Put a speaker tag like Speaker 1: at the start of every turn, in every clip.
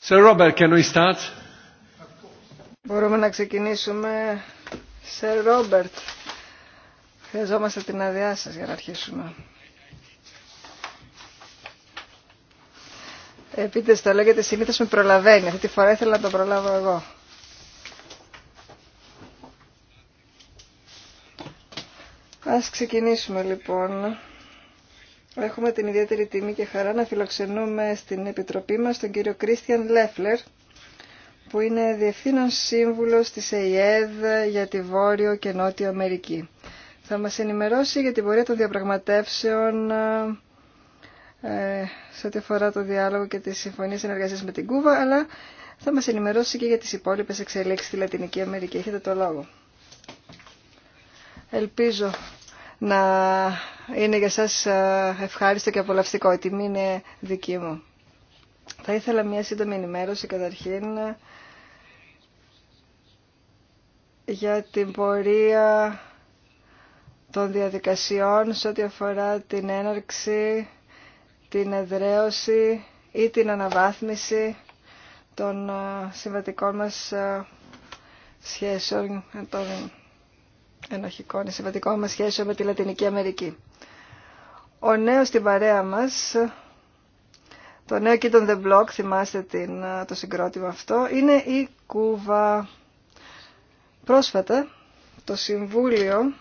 Speaker 1: Sir Robert, can we start? Μπορούμε να ξεκινήσουμε. Sir Robert, χρειαζόμαστε την άδειά για να αρχίσουμε. Επίτες το λέγεται συνήθως με προλαβαίνει. Αυτή τη φορά ήθελα να το προλάβω εγώ. Ας ξεκινήσουμε λοιπόν. Έχουμε την ιδιαίτερη τιμή και χαρά να φιλοξενούμε στην Επιτροπή μας τον κύριο Κρίστιαν Λέφλερ, που είναι Διευθύνων Σύμβουλος της ΕΙΕΔ για τη Βόρειο και Νότιο Αμερική. Θα μας ενημερώσει για την πορεία των διαπραγματεύσεων ε, σε ό,τι αφορά το διάλογο και τη συμφωνία συνεργασίας με την Κούβα, αλλά θα μας ενημερώσει και για τις υπόλοιπες εξελίξεις στη Λατινική Αμερική. Έχετε το λόγο. Ελπίζω να είναι για σας ε, ευχάριστο και απολαυστικό. Η τιμή είναι δική μου. Θα ήθελα μια σύντομη ενημέρωση καταρχήν ε, για την πορεία των διαδικασιών σε ό,τι αφορά την έναρξη, την εδραίωση ή την αναβάθμιση των ε, συμβατικών μας σχέσεων ενοχικό, είναι σημαντικό μας σχέσιο με τη Λατινική Αμερική. Ο νέος στην παρέα μας, το νέο και τον The Block, θυμάστε την, το συγκρότημα αυτό, είναι η Κούβα. Πρόσφατα το Συμβούλιο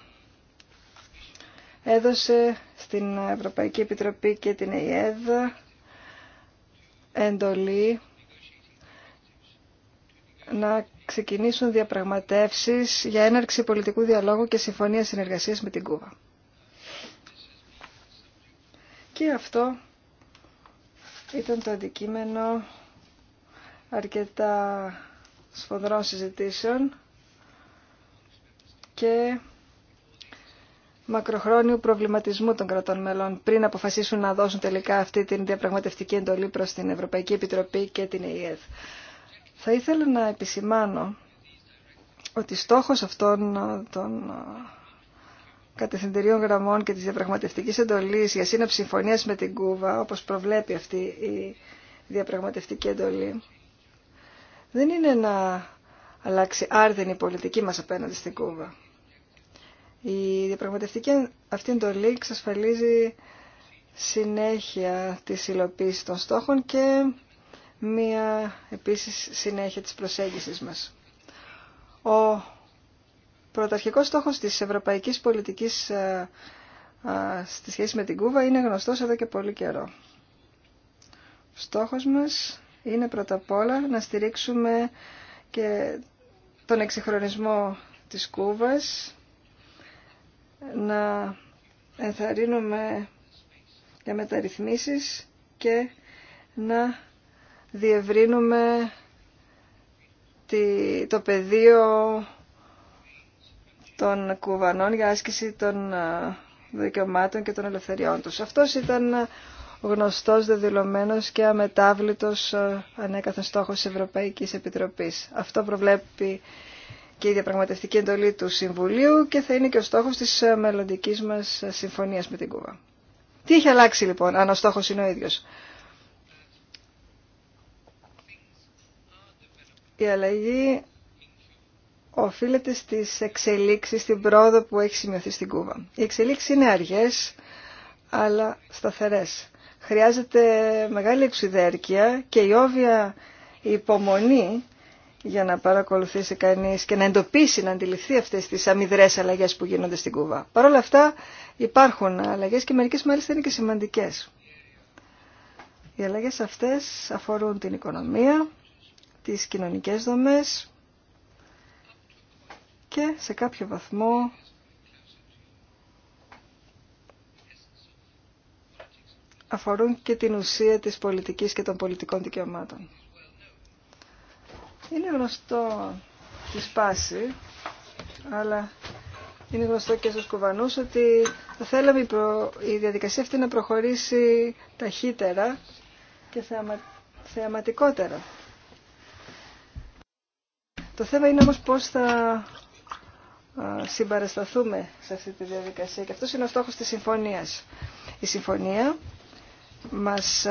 Speaker 1: έδωσε στην Ευρωπαϊκή Επιτροπή και την ΕΙΕΔ εντολή να ξεκινήσουν διαπραγματεύσεις για έναρξη πολιτικού διαλόγου και συμφωνία συνεργασίας με την Κούβα. Και αυτό ήταν το αντικείμενο αρκετά σφοδρών συζητήσεων και μακροχρόνιου προβληματισμού των κρατών μελών πριν αποφασίσουν να δώσουν τελικά αυτή την διαπραγματευτική εντολή προς την Ευρωπαϊκή Επιτροπή και την ΕΕΔ. Θα ήθελα να επισημάνω ότι στόχος αυτών των ε, κατευθυντηρίων γραμμών και της διαπραγματευτικής εντολής για σύναψη συμφωνίας με την Κούβα, όπως προβλέπει αυτή η διαπραγματευτική εντολή, δεν είναι να αλλάξει άρδεν η πολιτική μας απέναντι στην Κούβα. Η διαπραγματευτική αυτή εντολή εξασφαλίζει συνέχεια της υλοποίησης των στόχων και μία επίσης συνέχεια της προσέγγισης μας. Ο πρωταρχικός στόχος της ευρωπαϊκής πολιτικής ε, ε, στη σχέση με την Κούβα είναι γνωστός εδώ και πολύ καιρό. Στόχος μας είναι πρώτα απ' όλα να στηρίξουμε και τον εξυγχρονισμό της Κούβας, να ενθαρρύνουμε για μεταρρυθμίσεις και να διευρύνουμε το πεδίο των κουβανών για άσκηση των ε, δικαιωμάτων και των ελευθεριών τους. Αυτός ήταν γνωστός, δεδηλωμένος και αμετάβλητος ε, ανέκαθεν στόχος της Ευρωπαϊκής Επιτροπής. Αυτό προβλέπει και η διαπραγματευτική εντολή του Συμβουλίου και θα είναι και ο στόχος της ε, μελλοντική μας συμφωνίας με την Κούβα. Τι έχει αλλάξει λοιπόν, αν ο στόχος είναι ο ίδιος. η αλλαγή οφείλεται στις εξελίξεις, στην πρόοδο που έχει σημειωθεί στην Κούβα. Οι εξελίξεις είναι αργές, αλλά σταθερές. Χρειάζεται μεγάλη εξουδέρκεια και η όβια υπομονή για να παρακολουθήσει κανείς και να εντοπίσει, να αντιληφθεί αυτές τις αμυδρές αλλαγές που γίνονται στην Κούβα. Παρ' όλα αυτά υπάρχουν αλλαγές και μερικές μάλιστα είναι και σημαντικές. Οι αλλαγές αυτές αφορούν την οικονομία, τις κοινωνικές δομές και σε κάποιο βαθμό αφορούν και την ουσία της πολιτικής και των πολιτικών δικαιωμάτων. Είναι γνωστό τη σπάση, αλλά είναι γνωστό και στους κουβανούς ότι θα θέλαμε η διαδικασία αυτή να προχωρήσει ταχύτερα και θεαμα... θεαματικότερα. Το θέμα είναι όμως πώς θα συμπαρασταθούμε σε αυτή τη διαδικασία και αυτός είναι ο στόχος της συμφωνίας. Η συμφωνία μας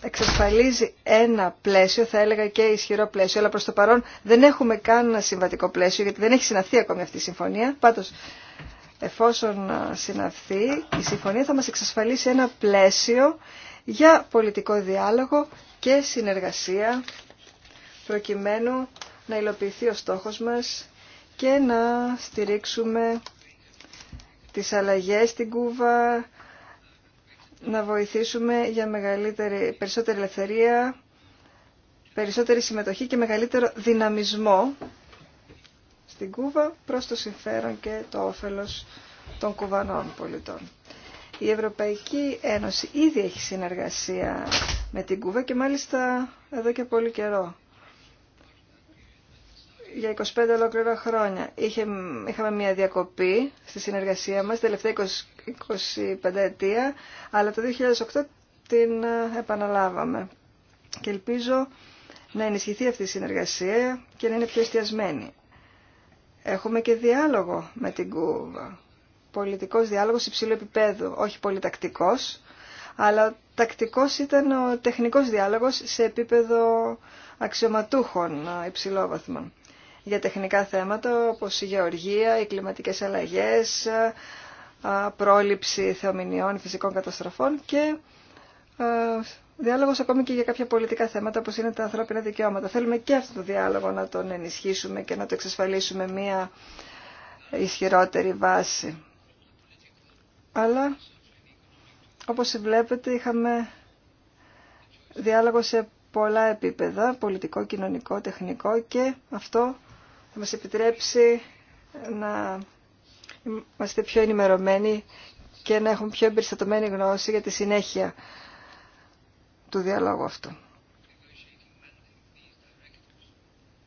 Speaker 1: εξασφαλίζει ένα πλαίσιο, θα έλεγα και ισχυρό πλαίσιο, αλλά προς το παρόν δεν έχουμε καν συμβατικό πλαίσιο, γιατί δεν έχει συναυθεί ακόμη αυτή η συμφωνία. Πάντως, εφόσον συναυθεί, η συμφωνία θα μας εξασφαλίσει ένα πλαίσιο για πολιτικό διάλογο και συνεργασία, προκειμένου να υλοποιηθεί ο στόχος μας και να στηρίξουμε τις αλλαγές στην Κούβα, να βοηθήσουμε για μεγαλύτερη, περισσότερη ελευθερία, περισσότερη συμμετοχή και μεγαλύτερο δυναμισμό στην Κούβα προς το συμφέρον και το όφελος των κουβανών πολιτών. Η Ευρωπαϊκή Ένωση ήδη έχει συνεργασία με την Κούβα και μάλιστα εδώ και πολύ καιρό για 25 ολόκληρα χρόνια. είχαμε μια διακοπή στη συνεργασία μας, τελευταία 20, 25 ετία, αλλά το 2008 την ε, επαναλάβαμε. Και ελπίζω να ενισχυθεί αυτή η συνεργασία και να είναι πιο εστιασμένη. Έχουμε και διάλογο με την Κούβα. Πολιτικός διάλογος υψηλού επίπεδου, όχι πολυτακτικός, αλλά τακτικός ήταν ο τεχνικός διάλογος σε επίπεδο αξιωματούχων ε, υψηλόβαθμων για τεχνικά θέματα όπως η γεωργία, οι κλιματικές αλλαγές, πρόληψη θεομηνιών, φυσικών καταστροφών και διάλογος ακόμη και για κάποια πολιτικά θέματα όπως είναι τα ανθρώπινα δικαιώματα. Θέλουμε και αυτόν τον διάλογο να τον ενισχύσουμε και να το εξασφαλίσουμε μία ισχυρότερη βάση. Αλλά όπως βλέπετε είχαμε διάλογο σε πολλά επίπεδα, πολιτικό, κοινωνικό, τεχνικό και αυτό θα μας επιτρέψει να είμαστε πιο ενημερωμένοι και να έχουμε πιο εμπεριστατωμένη γνώση για τη συνέχεια του διαλόγου αυτού.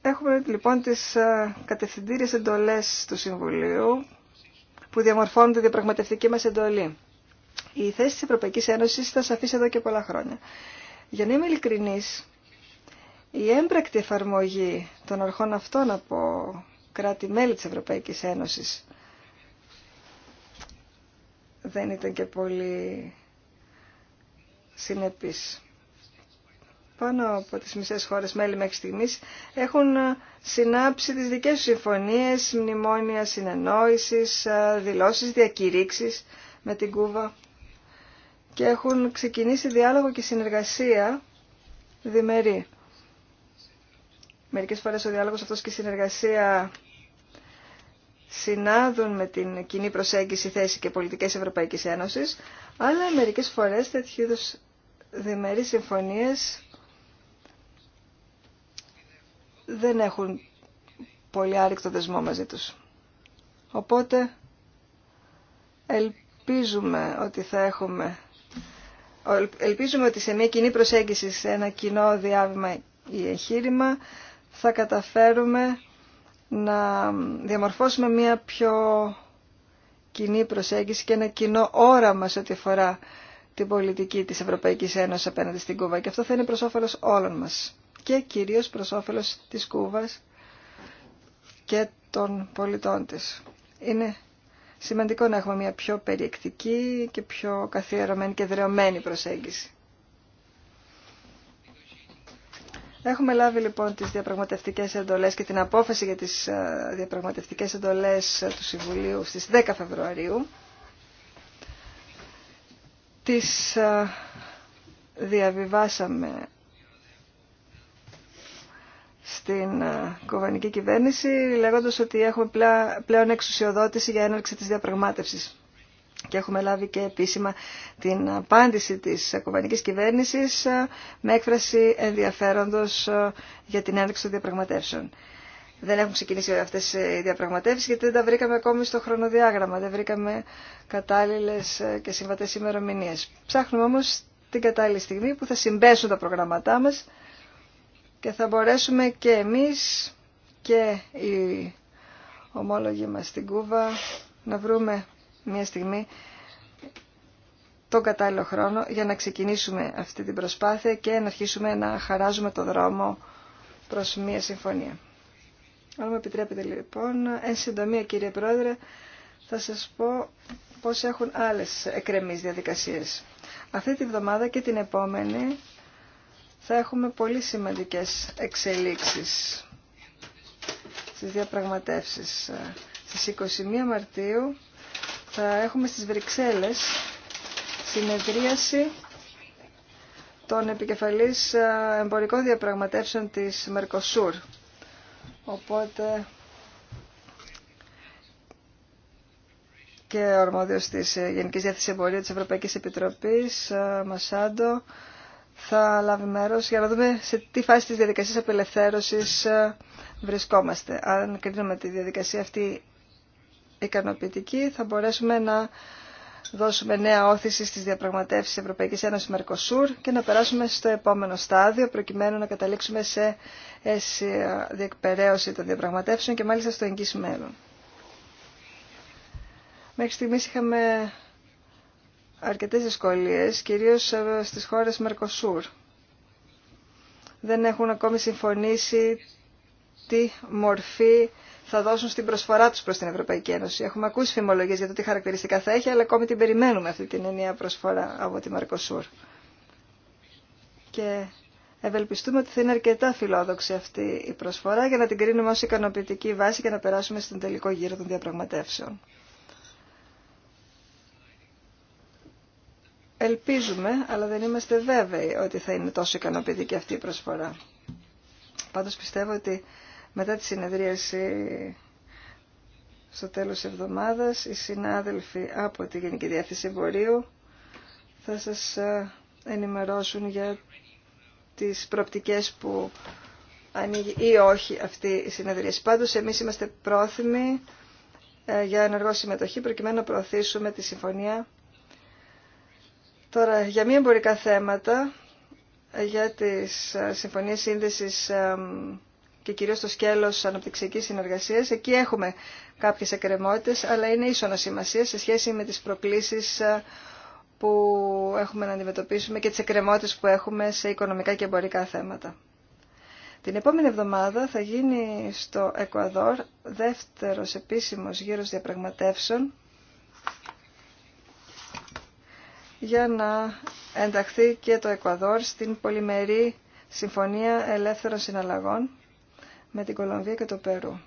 Speaker 1: Έχουμε λοιπόν τις ε, κατευθυντήριες εντολές του Συμβουλίου που διαμορφώνουν τη διαπραγματευτική μας εντολή. Η θέση της Ευρωπαϊκής Ένωσης σα αφήσει εδώ και πολλά χρόνια. Για να είμαι ειλικρινής, η έμπρακτη εφαρμογή των αρχών αυτών από κράτη-μέλη της Ευρωπαϊκής Ένωσης δεν ήταν και πολύ συνεπής. Πάνω από τις μισές χώρες μέλη μέχρι στιγμής έχουν συνάψει τις δικές τους συμφωνίες, μνημόνια συνεννόησης, δηλώσεις, διακηρύξεις με την Κούβα και έχουν ξεκινήσει διάλογο και συνεργασία διμερή. Μερικές φορές ο διάλογος αυτός και η συνεργασία συνάδουν με την κοινή προσέγγιση θέση και πολιτικές Ευρωπαϊκής Ένωσης, αλλά μερικές φορές τέτοιου είδους διμερείς συμφωνίες δεν έχουν πολύ άρρηκτο δεσμό μαζί τους. Οπότε ελπίζουμε ότι θα έχουμε ελπίζουμε ότι σε μια κοινή προσέγγιση σε ένα κοινό διάβημα ή εγχείρημα θα καταφέρουμε να διαμορφώσουμε μια πιο κοινή προσέγγιση και ένα κοινό όραμα σε ό,τι αφορά την πολιτική της Ευρωπαϊκής Ένωσης απέναντι στην Κούβα. Και αυτό θα είναι προς όλων μας και κυρίως προς όφελος της Κούβας και των πολιτών της. Είναι σημαντικό να έχουμε μια πιο περιεκτική και πιο καθιερωμένη και δρεωμένη προσέγγιση. Έχουμε λάβει λοιπόν τις διαπραγματευτικές εντολές και την απόφαση για τις ε, διαπραγματευτικές εντολές του Συμβουλίου στις 10 Φεβρουαρίου. Τις ε, διαβιβάσαμε στην ε, κοβανική κυβέρνηση λέγοντας ότι έχουμε πλέον εξουσιοδότηση για έναρξη της διαπραγμάτευσης. Και έχουμε λάβει και επίσημα την απάντηση της κουβανικής κυβέρνησης ε, με έκφραση ενδιαφέροντος ε, για την ένδειξη των διαπραγματεύσεων. Δεν έχουν ξεκινήσει αυτές οι διαπραγματεύσεις γιατί δεν τα βρήκαμε ακόμη στο χρονοδιάγραμμα, δεν βρήκαμε κατάλληλες ε, και συμβατές ημερομηνίε. Ψάχνουμε όμως την κατάλληλη στιγμή που θα συμπέσουν τα προγραμματά μας και θα μπορέσουμε και εμείς και οι ομόλογοι μας στην Κούβα να βρούμε μια στιγμή τον κατάλληλο χρόνο για να ξεκινήσουμε αυτή την προσπάθεια και να αρχίσουμε να χαράζουμε το δρόμο προς μια συμφωνία. Αν μου επιτρέπετε λοιπόν, εν συντομία κύριε Πρόεδρε, θα σας πω πώς έχουν άλλες εκρεμείς διαδικασίες. Αυτή τη βδομάδα και την επόμενη θα έχουμε πολύ σημαντικές εξελίξεις στις διαπραγματεύσεις. Στις 21 Μαρτίου θα έχουμε στις Βρυξέλλες συνεδρίαση των επικεφαλής ε, εμπορικών διαπραγματεύσεων της Μερκοσούρ. Οπότε και ο αρμόδιος της ε, Γενικής Διεύθυνσης Εμπορίου της Ευρωπαϊκής Επιτροπής, ε, Μασάντο, θα λάβει μέρος για να δούμε σε τι φάση της διαδικασίας απελευθέρωσης βρισκόμαστε. Αν κρίνουμε τη διαδικασία αυτή ικανοποιητική θα μπορέσουμε να δώσουμε νέα όθηση στις διαπραγματεύσεις Ευρωπαϊκής Ένωσης Μερκοσούρ και να περάσουμε στο επόμενο στάδιο προκειμένου να καταλήξουμε σε ε, ε, διεκπαιρέωση των διαπραγματεύσεων και μάλιστα στο εγγύς μέλλον. Μέχρι στιγμής είχαμε αρκετές δυσκολίες, κυρίως ε, στις χώρες Μερκοσούρ. Δεν έχουν ακόμη συμφωνήσει τι μορφή θα δώσουν στην προσφορά του προ την Ευρωπαϊκή Ένωση. Έχουμε ακούσει φημολογίε για το τι χαρακτηριστικά θα έχει, αλλά ακόμη την περιμένουμε αυτή την ενιαία προσφορά από τη Μαρκοσούρ. Και ευελπιστούμε ότι θα είναι αρκετά φιλόδοξη αυτή η προσφορά για να την κρίνουμε ω ικανοποιητική βάση και να περάσουμε στον τελικό γύρο των διαπραγματεύσεων. Ελπίζουμε, αλλά δεν είμαστε βέβαιοι ότι θα είναι τόσο ικανοποιητική αυτή η προσφορά. Πάντως πιστεύω ότι μετά τη συνεδρίαση στο τέλος εβδομάδας, οι συνάδελφοι από τη Γενική Διεύθυνση Εμπορίου θα σας ε, ενημερώσουν για τις προπτικές που ανοίγει ή όχι αυτή η συνεδρίαση. Πάντως, εμείς είμαστε πρόθυμοι ε, για ενεργό συμμετοχή προκειμένου να προωθήσουμε τη συμφωνία. Τώρα, για μη εμπορικά θέματα, ε, για τις συμφωνίες σύνδεσης και κυρίω στο σκέλο αναπτυξιακή συνεργασία. Εκεί έχουμε κάποιε εκκρεμότητε, αλλά είναι ίσονα σημασία σε σχέση με τι προκλήσει ε, που έχουμε να αντιμετωπίσουμε και τι εκκρεμότητε που έχουμε σε οικονομικά και εμπορικά θέματα. Την επόμενη εβδομάδα θα γίνει στο Εκουαδόρ δεύτερος επίσημος γύρος διαπραγματεύσεων για να ενταχθεί και το Εκουαδόρ στην πολυμερή Συμφωνία Ελεύθερων Συναλλαγών με την Κολομβία και το Περού.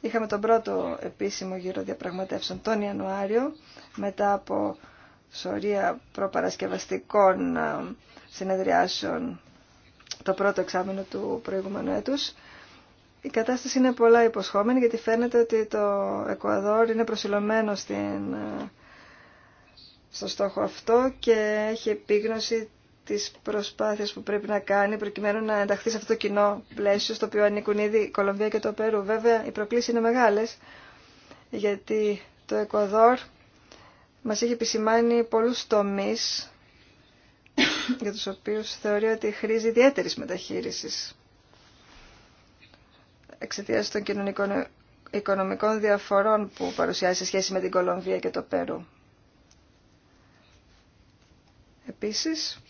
Speaker 1: Είχαμε τον πρώτο επίσημο γύρο διαπραγματεύσεων τον Ιανουάριο, μετά από σωρία προπαρασκευαστικών ε, συνεδριάσεων το πρώτο εξάμεινο του προηγούμενου έτους. Η κατάσταση είναι πολλά υποσχόμενη γιατί φαίνεται ότι το Εκουαδόρ είναι προσιλωμένο στην, ε, στο στόχο αυτό και έχει επίγνωση τις προσπάθειες που πρέπει να κάνει προκειμένου να ενταχθεί σε αυτό το κοινό πλαίσιο στο οποίο ανήκουν ήδη η Κολομβία και το Περού. Βέβαια οι προκλήσεις είναι μεγάλες γιατί το Εκουαδόρ μας έχει επισημάνει πολλούς τομείς για τους οποίους θεωρεί ότι χρήζει ιδιαίτερη μεταχείρισης εξαιτία των κοινωνικών οικονομικών διαφορών που παρουσιάζει σε σχέση με την Κολομβία και το Περού. Επίσης,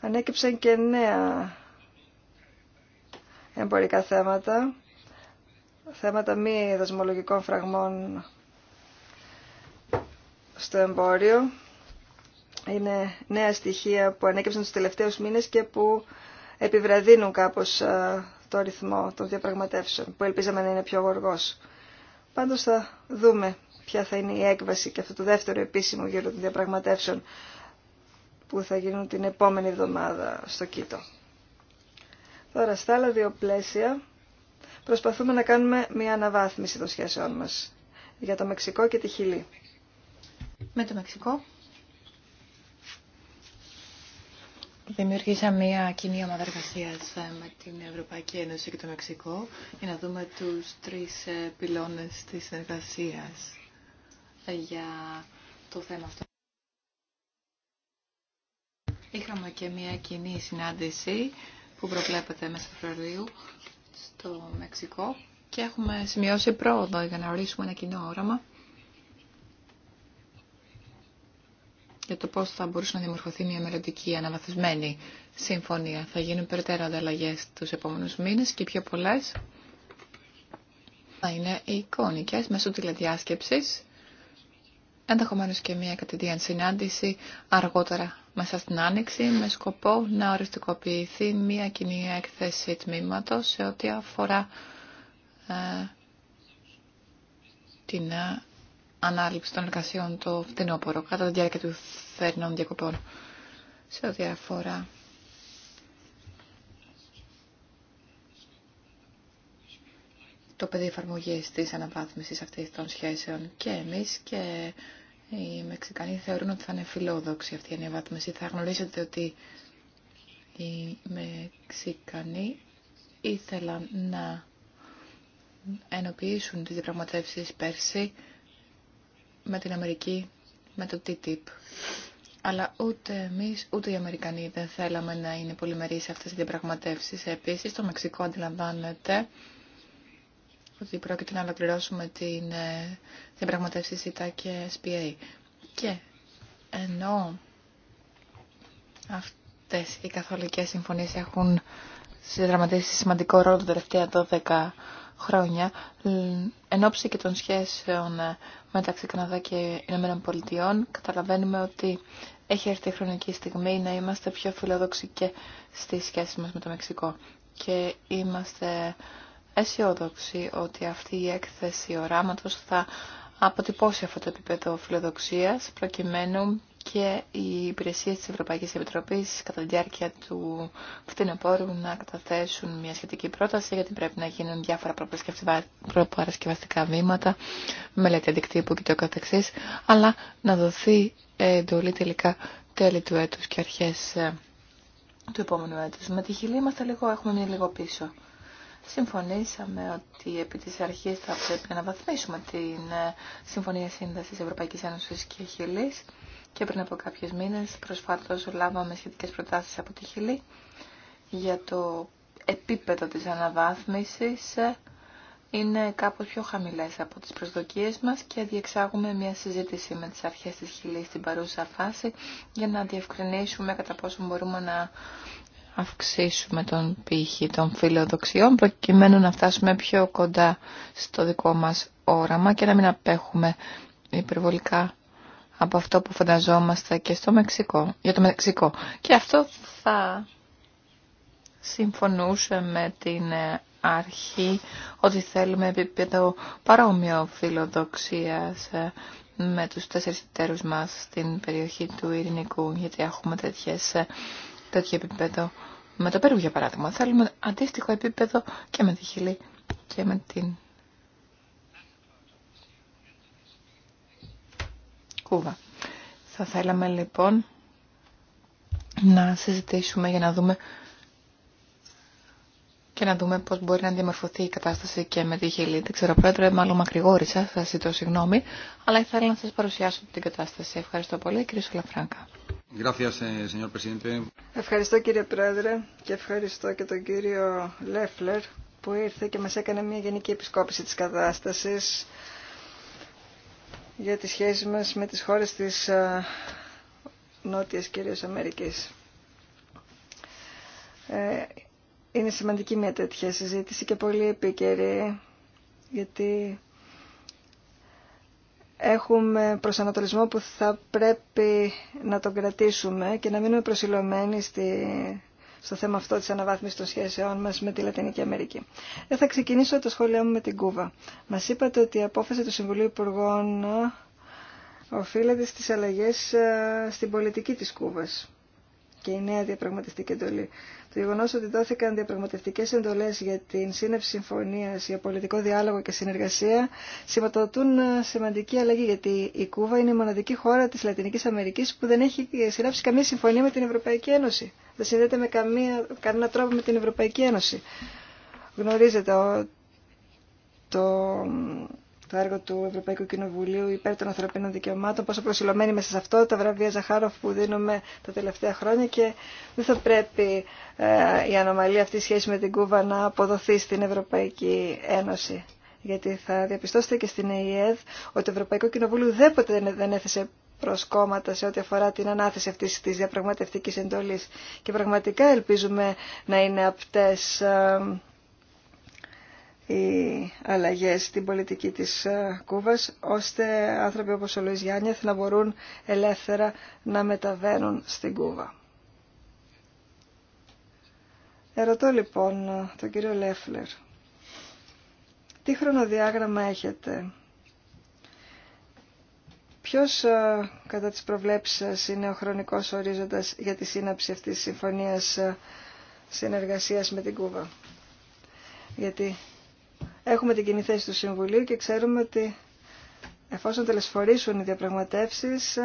Speaker 1: ανέκυψαν και νέα εμπορικά θέματα, θέματα μη δοσμολογικών φραγμών στο εμπόριο. Είναι νέα στοιχεία που ανέκυψαν τους τελευταίους μήνες και που επιβραδύνουν κάπως το ρυθμό των διαπραγματεύσεων, που ελπίζαμε να είναι πιο γοργός. Πάντως θα δούμε ποια θα είναι η έκβαση και αυτό το δεύτερο επίσημο γύρο των διαπραγματεύσεων που θα γίνουν την επόμενη εβδομάδα στο Κίτο. Τώρα, στα άλλα δύο πλαίσια προσπαθούμε να κάνουμε μια αναβάθμιση των σχέσεών μας για το Μεξικό και τη Χιλή.
Speaker 2: Με το Μεξικό Δημιουργήσαμε μια κοινή ομάδα εργασία ε, με την Ευρωπαϊκή Ένωση και το Μεξικό για να δούμε τους τρεις ε, πυλώνες της εργασίας ε, για το θέμα αυτό. Είχαμε και μια κοινή συνάντηση που προβλέπεται μέσα Φεβρουαρίου στο Μεξικό και έχουμε σημειώσει πρόοδο για να ορίσουμε ένα κοινό όραμα για το πώς θα μπορούσε να δημορφωθεί μια μελλοντική αναβαθμισμένη συμφωνία. Θα γίνουν περαιτέρω ανταλλαγέ τους επόμενους μήνες και πιο πολλές θα είναι εικόνικες μέσω τηλεδιάσκεψης ενδεχομένω και μια κατηδίαν συνάντηση αργότερα μέσα στην Άνοιξη με σκοπό να οριστικοποιηθεί μια κοινή έκθεση τμήματο, σε ό,τι αφορά ε, την ε, ανάληψη των εργασιών το φθινόπωρο κατά τη διάρκεια του θερινών διακοπών σε ό,τι αφορά το πεδίο εφαρμογή της αναβάθμιση αυτή των σχέσεων και εμείς και οι Μεξικανοί θεωρούν ότι θα είναι φιλόδοξοι αυτή η ανεβάθμιση. Θα γνωρίζετε ότι οι Μεξικανοί ήθελαν να ενοποιήσουν τις διαπραγματεύσεις πέρσι με την Αμερική, με το TTIP. Αλλά ούτε εμείς, ούτε οι Αμερικανοί δεν θέλαμε να είναι πολυμερείς αυτές οι διαπραγματεύσεις. Επίσης, το Μεξικό αντιλαμβάνεται ότι πρόκειται να ολοκληρώσουμε την διαπραγματεύση ε, ΣΥΤΑ και SPA. Και ενώ αυτές οι καθολικές συμφωνίες έχουν συνδραματίσει σημαντικό ρόλο τα τελευταία 12 χρόνια, ε, εν ώψη και των σχέσεων ε, μεταξύ Καναδά και Ηνωμένων Πολιτειών, καταλαβαίνουμε ότι έχει έρθει η χρονική στιγμή να είμαστε πιο φιλόδοξοι και στη σχέση μας με το Μεξικό. Και είμαστε αισιόδοξη ότι αυτή η έκθεση οράματος θα αποτυπώσει αυτό το επίπεδο φιλοδοξίας προκειμένου και οι υπηρεσίες της Ευρωπαϊκής Επιτροπής κατά τη διάρκεια του φθινοπόρου να καταθέσουν μια σχετική πρόταση γιατί πρέπει να γίνουν διάφορα προπαρασκευαστικά βήματα, μελέτη αντικτύπου και το καθεξής, αλλά να δοθεί εντολή τελικά τέλη του έτους και αρχές ε, του επόμενου έτους. Με τη χειλή είμαστε λίγο, έχουμε μείνει λίγο πίσω συμφωνήσαμε ότι επί της αρχής θα πρέπει να αναβαθμίσουμε την ε, Συμφωνία Σύνδεσης Ευρωπαϊκής Ένωσης και Χιλής και πριν από κάποιες μήνες προσφάτως λάβαμε σχετικές προτάσεις από τη Χιλή για το επίπεδο της αναβάθμισης ε, είναι κάπως πιο χαμηλές από τις προσδοκίες μας και διεξάγουμε μια συζήτηση με τις αρχές της Χιλής στην παρούσα φάση για να διευκρινίσουμε κατά πόσο μπορούμε να αυξήσουμε τον πύχη των φιλοδοξιών προκειμένου να φτάσουμε πιο κοντά στο δικό μας όραμα και να μην απέχουμε υπερβολικά από αυτό που φανταζόμαστε και στο Μεξικό, για το Μεξικό. Και αυτό θα συμφωνούσε με την ε, αρχή ότι θέλουμε επίπεδο παρόμοιο φιλοδοξίας ε, με τους τέσσερις εταίρους μας στην περιοχή του Ειρηνικού, γιατί έχουμε τέτοιες ε, τέτοιο επίπεδο με το Περού, για παράδειγμα. Θέλουμε αντίστοιχο επίπεδο και με τη Χιλή και με την Κούβα. Θα θέλαμε λοιπόν να συζητήσουμε για να δούμε και να δούμε πώς μπορεί να διαμορφωθεί η κατάσταση και με τη χειλή. Δεν ξέρω πρόεδρε, μάλλον μακρηγόρησα, θα ζητώ συγγνώμη, αλλά ήθελα να σας παρουσιάσω την κατάσταση. Ευχαριστώ πολύ, κύριε Σολαφράγκα. Eh,
Speaker 1: ευχαριστώ κύριε Πρόεδρε και ευχαριστώ και τον κύριο Λέφλερ που ήρθε και μας έκανε μια γενική επισκόπηση της κατάστασης για τις σχέσεις μας με τις χώρες της ε, Νότιας κυρίως Αμερικής. Ε, είναι σημαντική μια τέτοια συζήτηση και πολύ επίκαιρη, γιατί έχουμε προσανατολισμό που θα πρέπει να τον κρατήσουμε και να μείνουμε προσιλωμένοι στη, στο θέμα αυτό της αναβάθμισης των σχέσεών μας με τη Λατινική Αμερική. Ε, θα ξεκινήσω το σχόλιο μου με την Κούβα. Μας είπατε ότι η απόφαση του Συμβουλίου Υπουργών οφείλεται στις αλλαγές ε, στην πολιτική της Κούβας και η νέα διαπραγματευτική εντολή. Το γεγονό ότι δόθηκαν διαπραγματευτικέ εντολέ για την σύνευση συμφωνία για πολιτικό διάλογο και συνεργασία σηματοδοτούν ε, σημαντική αλλαγή, γιατί η Κούβα είναι η μοναδική χώρα τη Λατινική Αμερική που δεν έχει συνάψει καμία συμφωνία με την Ευρωπαϊκή Ένωση. Δεν συνδέεται με καμία, κανένα τρόπο με την Ευρωπαϊκή Ένωση. Γνωρίζετε το, το έργο του Ευρωπαϊκού Κοινοβουλίου υπέρ των ανθρωπίνων δικαιωμάτων, πόσο προσιλωμένοι είμαστε σε αυτό, τα βραβεία Ζαχάροφ που δίνουμε τα τελευταία χρόνια και δεν θα πρέπει ε, η ανομαλία αυτή σχέση με την Κούβα να αποδοθεί στην Ευρωπαϊκή Ένωση. Γιατί θα διαπιστώσετε και στην ΕΕΔ ότι το Ευρωπαϊκό Κοινοβούλιο ποτέ δεν έθεσε προσκόμματα σε ό,τι αφορά την ανάθεση αυτής της διαπραγματευτικής εντολής. Και πραγματικά ελπίζουμε να είναι απτές ε, οι αλλαγές στην πολιτική της ε, Κούβας, ώστε άνθρωποι όπως ο Λουίς να μπορούν ελεύθερα να μεταβαίνουν στην Κούβα. Ερωτώ λοιπόν ε, τον κύριο Λέφλερ. Τι χρονοδιάγραμμα έχετε. Ποιος ε, κατά τις προβλέψεις σας είναι ο χρονικός ορίζοντας για τη σύναψη αυτής της συμφωνίας συνεργασίας με την Κούβα. Γιατί Έχουμε την κοινή θέση του Συμβουλίου και ξέρουμε ότι εφόσον τελεσφορήσουν οι διαπραγματεύσεις,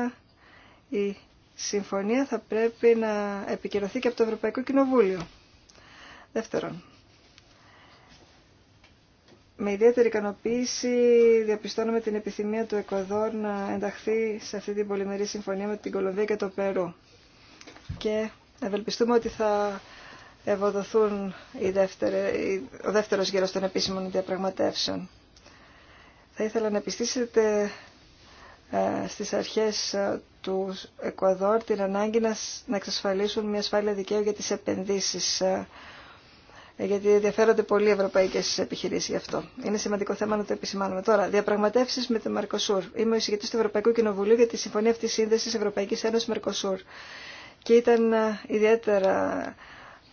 Speaker 1: η συμφωνία θα πρέπει να επικυρωθεί και από το Ευρωπαϊκό Κοινοβούλιο. Δεύτερον, με ιδιαίτερη ικανοποίηση διαπιστώνουμε την επιθυμία του ΕΚΟΔΟΡ να ενταχθεί σε αυτή την πολυμερή συμφωνία με την Κολομβία και το Περού. Και ευελπιστούμε ότι θα ευοδοθούν οι ο δεύτερος γύρος των επίσημων διαπραγματεύσεων. Θα ήθελα να επιστήσετε ε, στις αρχές ε, του Εκουαδόρ την ανάγκη να, να εξασφαλίσουν μια ασφάλεια δικαίου για τις επενδύσεις ε, γιατί ενδιαφέρονται πολλοί ευρωπαϊκέ επιχειρήσει γι' αυτό. Είναι σημαντικό θέμα να το επισημάνουμε. Τώρα, διαπραγματεύσει με το Μαρκοσούρ. Είμαι ο εισηγητής του Ευρωπαϊκού Κοινοβουλίου για τη συμφωνία αυτή σύνδεση Ευρωπαϊκή Ένωση Μαρκοσούρ. Και ήταν ιδιαίτερα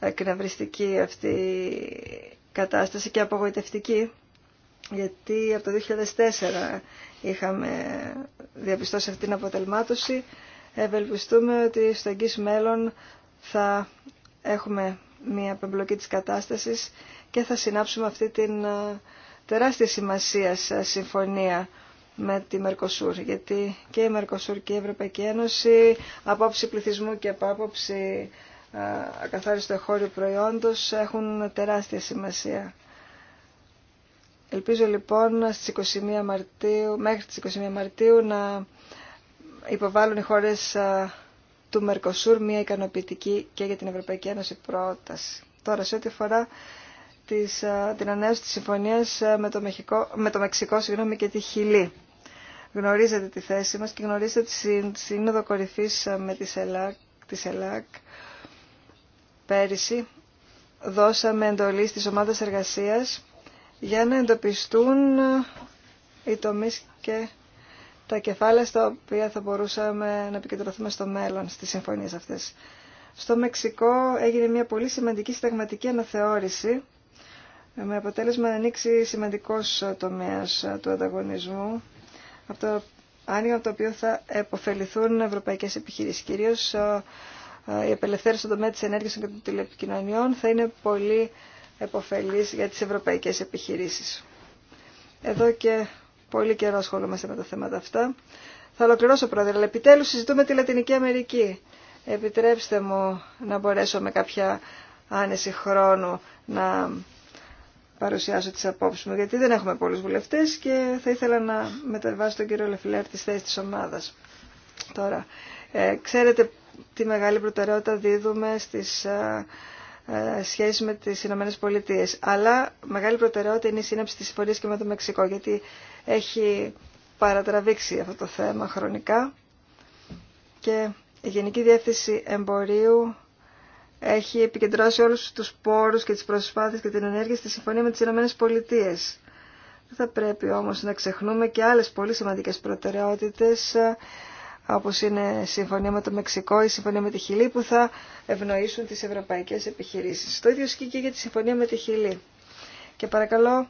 Speaker 1: εκνευριστική αυτή η κατάσταση και απογοητευτική γιατί από το 2004 είχαμε διαπιστώσει αυτή την αποτελμάτωση. Ευελπιστούμε ότι στο εγγύς μέλλον θα έχουμε μια απεμπλοκή της κατάστασης και θα συνάψουμε αυτή την ε, τεράστια σημασία συμφωνία με τη Μερκοσούρ, γιατί και η Μερκοσούρ και η Ευρωπαϊκή Ένωση από άποψη πληθυσμού και από άποψη ε, ακαθάριστο χώριο προϊόντος έχουν τεράστια σημασία. Ελπίζω λοιπόν στις 21 Μαρτίου, μέχρι τις 21 Μαρτίου να υποβάλουν οι χώρες του Μερκοσούρ μια ικανοποιητική και για την Ευρωπαϊκή Ένωση πρόταση. Τώρα σε ό,τι αφορά της, την ανέωση της συμφωνίας με το, με το Μεξικό συγγνώμη, και τη Χιλή. Γνωρίζετε τη θέση μας και γνωρίζετε τη σύνοδο κορυφής με τη Σελάκ πέρυσι δώσαμε εντολή στις ομάδες εργασίας για να εντοπιστούν οι τομείς και τα κεφάλαια στα οποία θα μπορούσαμε να επικεντρωθούμε στο μέλλον στις συμφωνίες αυτές. Στο Μεξικό έγινε μια πολύ σημαντική συνταγματική αναθεώρηση με αποτέλεσμα να ανοίξει σημαντικός τομέας του ανταγωνισμού από το άνοιγμα από το οποίο θα επωφεληθούν ευρωπαϊκές επιχειρήσεις, κυρίως ε, η απελευθέρωση στον τομέα της ενέργειας και των τηλεπικοινωνιών θα είναι πολύ επωφελής για τις ευρωπαϊκές επιχειρήσεις. Εδώ και πολύ καιρό ασχολούμαστε με τα θέματα αυτά. Θα ολοκληρώσω, Πρόεδρε, αλλά επιτέλους συζητούμε τη Λατινική Αμερική. Επιτρέψτε μου να μπορέσω με κάποια άνεση χρόνου να παρουσιάσω τις απόψεις μου, γιατί δεν έχουμε πολλούς βουλευτές και θα ήθελα να μεταβάσω τον κύριο Λεφιλέρ τη θέση της ομάδας. Τώρα, ε, ξέρετε τη μεγάλη προτεραιότητα δίδουμε στις ε, ε, σχέσεις με τις Ηνωμένες Πολιτείες. Αλλά μεγάλη προτεραιότητα είναι η σύναψη της συμφωνίας και με το Μεξικό, γιατί έχει παρατραβήξει αυτό το θέμα χρονικά και η Γενική Διεύθυνση Εμπορίου έχει επικεντρώσει όλους τους πόρους και τις προσπάθειες και την ενέργεια στη συμφωνία με τις Ηνωμένες Πολιτείες. Δεν θα πρέπει όμως να ξεχνούμε και άλλες πολύ σημαντικές προτεραιότητες ε, όπως είναι η συμφωνία με το Μεξικό, η συμφωνία με τη Χιλή, που θα ευνοήσουν τις ευρωπαϊκές επιχειρήσεις. Το ίδιο σκήκε για τη συμφωνία με τη Χιλή. Και παρακαλώ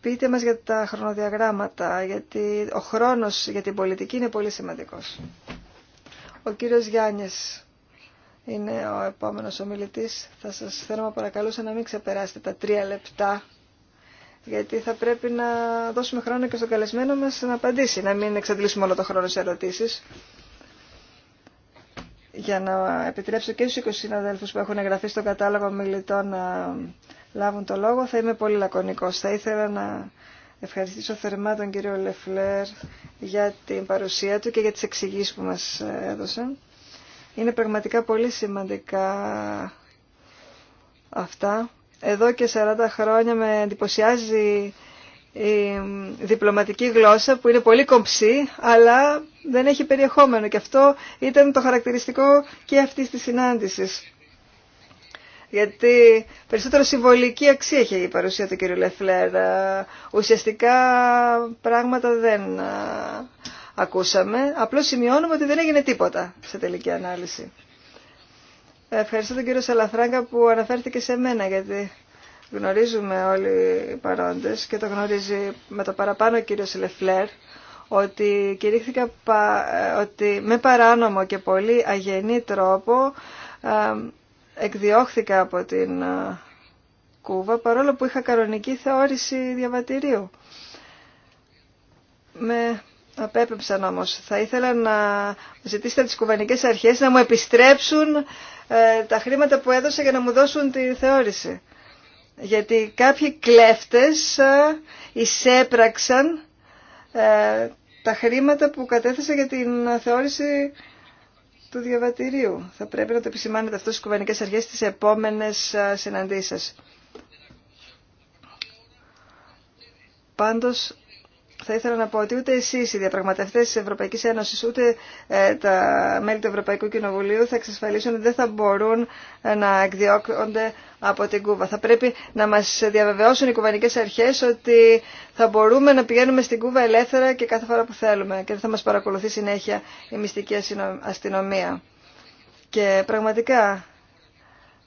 Speaker 1: πείτε μας για τα χρονοδιαγράμματα, γιατί ο χρόνος για την πολιτική είναι πολύ σημαντικός. Ο κύριος Γιάννης είναι ο επόμενος ομιλητής. Θα σας θέλω να παρακαλούσα να μην ξεπεράσετε τα τρία λεπτά γιατί θα πρέπει να δώσουμε χρόνο και στον καλεσμένο μας να απαντήσει, να μην εξαντλήσουμε όλο το χρόνο σε ερωτήσεις. Για να επιτρέψω και στους 20 συναδέλφους που έχουν εγγραφεί στο κατάλογο μιλητών να λάβουν το λόγο, θα είμαι πολύ λακωνικός. Θα ήθελα να ευχαριστήσω θερμά τον κύριο Λεφλέρ για την παρουσία του και για τις εξηγήσεις που μας έδωσαν. Είναι πραγματικά πολύ σημαντικά αυτά εδώ και 40 χρόνια με εντυπωσιάζει η διπλωματική γλώσσα που είναι πολύ κομψή αλλά δεν έχει περιεχόμενο και αυτό ήταν το χαρακτηριστικό και αυτής της συνάντησης. Γιατί περισσότερο συμβολική αξία είχε η παρουσία του κ. Λεφλέρ. Ουσιαστικά πράγματα δεν ακούσαμε. Απλώς σημειώνουμε ότι δεν έγινε τίποτα σε τελική ανάλυση. Ευχαριστώ τον κύριο Σαλαφράγκα που αναφέρθηκε σε μένα γιατί γνωρίζουμε όλοι οι παρόντες και το γνωρίζει με το παραπάνω ο κύριος Λεφλέρ ότι κηρύχθηκα ε, ότι με παράνομο και πολύ αγενή τρόπο ε, εκδιώχθηκα από την ε, Κούβα παρόλο που είχα κανονική θεώρηση διαβατηρίου. Με απέπεψαν όμως. Θα ήθελα να ζητήσετε τις κουβανικές αρχές να μου επιστρέψουν ε, τα χρήματα που έδωσα για να μου δώσουν τη θεώρηση. Γιατί κάποιοι κλέφτες ε, εισέπραξαν ε, τα χρήματα που κατέθεσα για την θεώρηση του διαβατηρίου. Θα πρέπει να το επισημάνετε αυτό στις κουβανικές αρχές στις επόμενες συναντήσεις Πάντως θα ήθελα να πω ότι ούτε εσείς οι διαπραγματευτές της Ευρωπαϊκής Ένωσης ούτε ε, τα μέλη του Ευρωπαϊκού Κοινοβουλίου θα εξασφαλίσουν ότι δεν θα μπορούν ε, να εκδιώκονται από την Κούβα. Θα πρέπει να μας διαβεβαιώσουν οι κουβανικές αρχές ότι θα μπορούμε να πηγαίνουμε στην Κούβα ελεύθερα και κάθε φορά που θέλουμε και δεν θα μας παρακολουθεί συνέχεια η μυστική αστυνομία. Και πραγματικά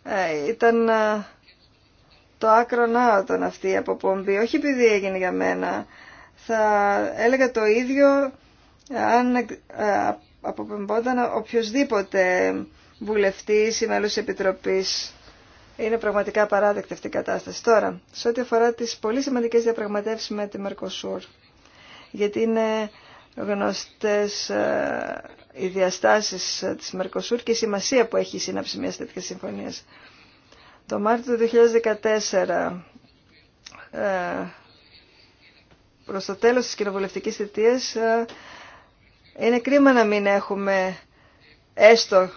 Speaker 1: ε, ήταν το άκρο να αυτή η αποπομπή, όχι επειδή έγινε για μένα θα έλεγα το ίδιο αν ε, αποπεμπόταν οποιοδήποτε βουλευτής ή μέλος της Επιτροπής. Είναι πραγματικά παράδεκτη αυτή η μελος επιτροπης ειναι πραγματικα Τώρα, σε ό,τι αφορά τις πολύ σημαντικές διαπραγματεύσεις με τη Μερκοσούρ, γιατί είναι γνωστές ε, οι διαστάσεις της Μερκοσούρ και η σημασία που έχει η σύναψη μιας τέτοιας συμφωνίας. Το Μάρτιο του 2014 Προ το τέλο τη κοινοβουλευτική θητεία, ε, είναι κρίμα να μην έχουμε έστω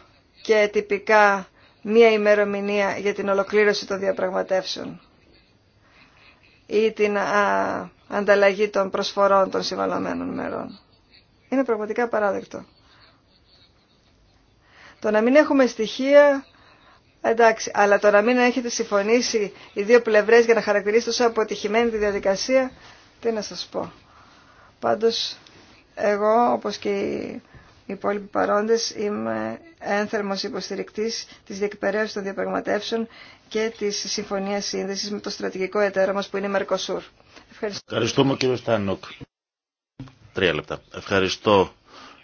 Speaker 1: και τυπικά μία ημερομηνία για την ολοκλήρωση των διαπραγματεύσεων ή την ανταλλαγή των προσφορών των συμβαλωμένων μερών. Είναι πραγματικά παράδεκτο. Το να μην έχουμε στοιχεία, εντάξει, αλλά το να μην έχετε συμφωνήσει οι δύο πλευρές για να χαρακτηρίσετε τόσο αποτυχημένη τη διαδικασία, τι να σας πω. Πάντως, εγώ, όπως και οι υπόλοιποι παρόντες, είμαι ένθερμος υποστηρικτής της διεκπαιρέωσης των διαπραγματεύσεων και της συμφωνίας σύνδεσης με το στρατηγικό εταίρο μας που είναι η Μερκοσούρ. Ευχαριστώ.
Speaker 3: Ευχαριστούμε κύριο Στάνοκ. Τρία λεπτά. Ευχαριστώ.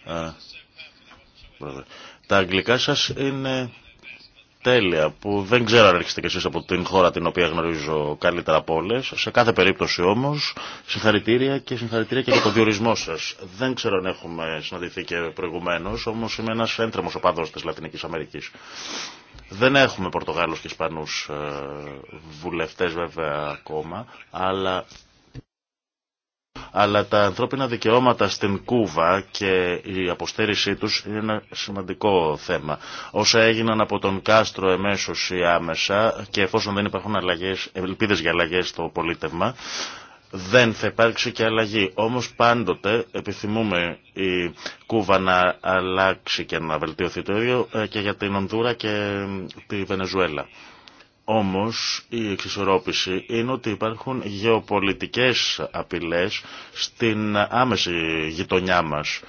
Speaker 3: Ε, Τα αγγλικά σας είναι τέλεια που δεν ξέρω αν έρχεστε κι εσείς από την χώρα την οποία γνωρίζω καλύτερα από όλε. Σε κάθε περίπτωση όμως συγχαρητήρια και συγχαρητήρια και για το διορισμό σας. Δεν ξέρω αν έχουμε συναντηθεί και προηγουμένως, όμως είμαι ένας έντρεμο οπαδό της Λατινικής Αμερικής. Δεν έχουμε Πορτογάλους και Ισπανούς ε, βουλευτές βέβαια ακόμα, αλλά αλλά τα ανθρώπινα δικαιώματα στην Κούβα και η αποστέρησή τους είναι ένα σημαντικό θέμα. Όσα έγιναν από τον Κάστρο εμέσως ή άμεσα και εφόσον δεν υπάρχουν αλλαγές, ελπίδες για αλλαγές στο πολίτευμα, δεν θα υπάρξει και αλλαγή. Όμως πάντοτε επιθυμούμε η Κούβα να αλλάξει και να βελτιωθεί το ίδιο ε, και για την Ονδούρα και τη Βενεζουέλα. Όμως η εξισορρόπηση είναι ότι υπάρχουν γεωπολιτικές απειλές στην άμεση γειτονιά μας,